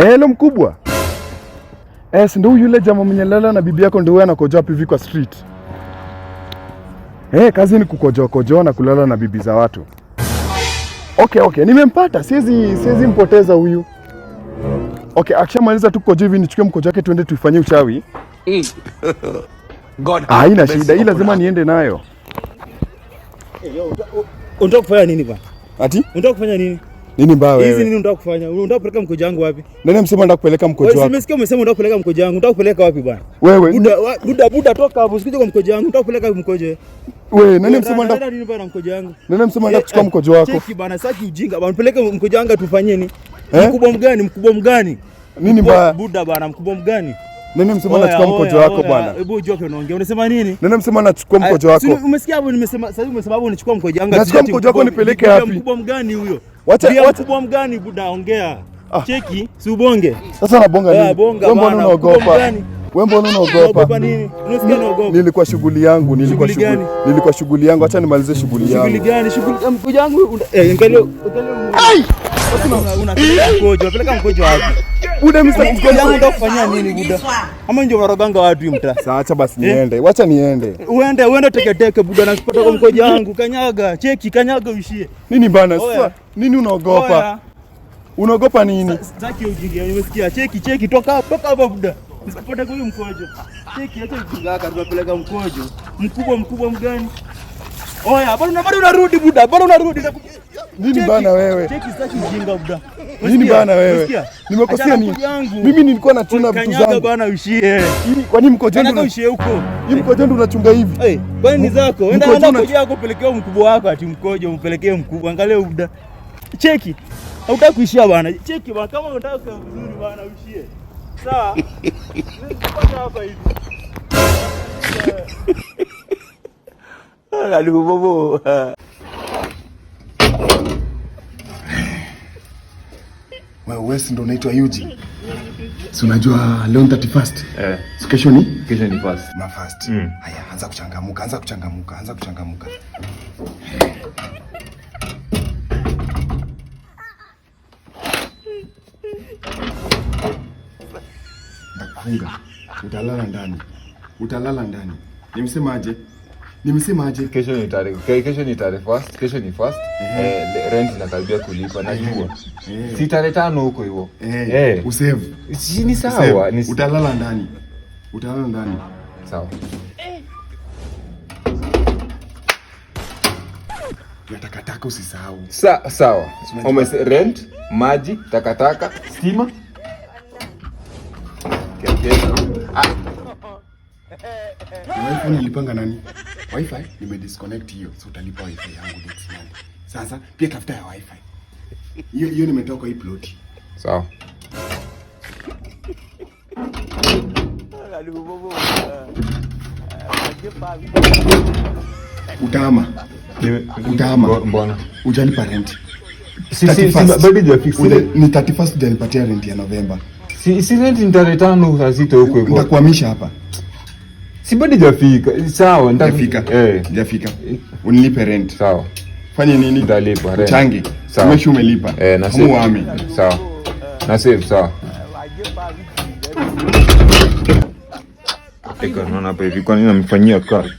Eh, hello mkubwa. Eh, ndio yule jamaa mwenye lala na bibi yako ndio anakojoa pivi kwa street. Eh, kazi ni kukojoa kojoa na kulala na bibi za watu. Okay, okay, nimempata. Siwezi siwezi mpoteza huyu. Okay, akishamaliza tu kukojoa hivi nichukue mkojo wake tuende tuifanyie uchawi. Mm. God. Haina shida, hii lazima niende nayo. Unataka kufanya nini bwana? Ati? Unataka kufanya nini? Nini mbaya wewe? Hizi nini unataka kufanya? Unataka kupeleka mkojo wangu wapi? Nani amesema unataka kupeleka mkojo wako? Wewe umesikia umesema unataka kupeleka mkojo wangu. Unataka kupeleka wapi bwana? Wewe. Buda buda buda toka hapo. Usikuje kwa mkojo wangu. Unataka kupeleka mkojo. Wewe nani amesema kupeleka nini bwana mkojo wangu? Nani amesema unataka eh, kuchukua eh, mkojo wako? Cheki bwana, saki ujinga bwana. Peleka mkojo wangu tufanyie nini? Eh? Mkubwa mgani? Mkubwa mgani? Nini mbaya? Buda bwana, mkubwa mgani? Nani msema anachukua mkojo wako bwana? Hebu ujue kwa unaongea. Unasema nini? Nani msema anachukua mkojo wako? Umesikia hapo nimesema, sasa umesema hapo unachukua mkojo wangu. Nachukua mkojo wako nipeleke wapi? Mkubwa mgani huyo? Wacha wacha mgani buda, ongea. Ah. Cheki, si ubonge. Sasa nabonga ah, nini? Wewe mbona unaogopa? Wewe mbona unaogopa? Nilikuwa shughuli yangu, nilikuwa shughuli. Nilikuwa shughuli yangu, acha nimalize shughuli yangu. Shughuli gani? Shughuli yangu. Eh, angalia. Eh? mkojo, peleka mkojo basi eh? niende. Wacha niende. Uende, uende teketeke buda nasipata kwa mkojo wangu. Kanyaga, cheki kanyaga uishie. Nini bana sasa? Nini unaogopa? Unaogopa nini? Sitaki ujinga. Nimesikia cheki cheki toka toka hapa buda. Nisipata kwa mkojo. Cheki acha ujinga haka tunapeleka mkojo. Mkubwa mkubwa mgani? Oya, bado unarudi buda. Bado unarudi nini bana wewe? Nini bana wewe? Nimekosea nini? Mimi nilikuwa natuna vitu zangu. Bana ushie. Kwa nini mko jendo? wangu ushie huko? Hii mko jendo unachunga hivi. Eh, kwani ni zako? Enda enda kujia huko pelekea mkubwa wako ati mkojo umpelekee mkubwa. Angalia uda. Cheki. Hautaki kuishia bana. Cheki bana kama unataka vizuri bana ushie. Sawa. Nisipata hapa hivi. Ala lubobo. Wewe West ndo unaitwa Yuji. Si unajua leo ni 31st. Eh. Si kesho ni? Kesho ni first. Ma first. Mm. Haya, anza kuchangamuka, anza kuchangamuka, anza kuchangamuka. Nakunga. Utalala ndani. Utalala ndani. Nimsemaje? Nimesemaje? Kesho ni tarehe, kesho ni tarehe first, kesho ni first. Mhm. Eh, rent inakaribia kulipa najua. Eh. Eh. Si tarehe tano huko hivyo. Eh, eh, usave. Si ni sawa, ni utalala ndani. Utalala ndani. Sawa. Takataka usisahau. Sa, sawa. Ume rent, maji, takataka, stima. Ah. Nilipanga nani? Wifi disconnect hiyo, so utalipa wifi yangu next month. Sasa pia tafuta ya wifi hiyo hiyo, nimetoka hii ploti. Sawa. Utama. Utama. Mbona? Ujalipa rent. Si si baby fix hujafix. Ni 31st hujanipatia rent ya November. Si si rent ni tarehe 5 hazito huko Nitakuhamisha hapa. Si bado jafika. Sawa, nitafika. Eh. Jafika. Unilipe rent. Sawa. Fanye nini? Nitalipa rent. Changi. Sawa. Umesha umelipa. Eh, na save. Muami. Sawa. Na save, sawa. Eka, naona hapa hivi kwa nini namfanyia kazi?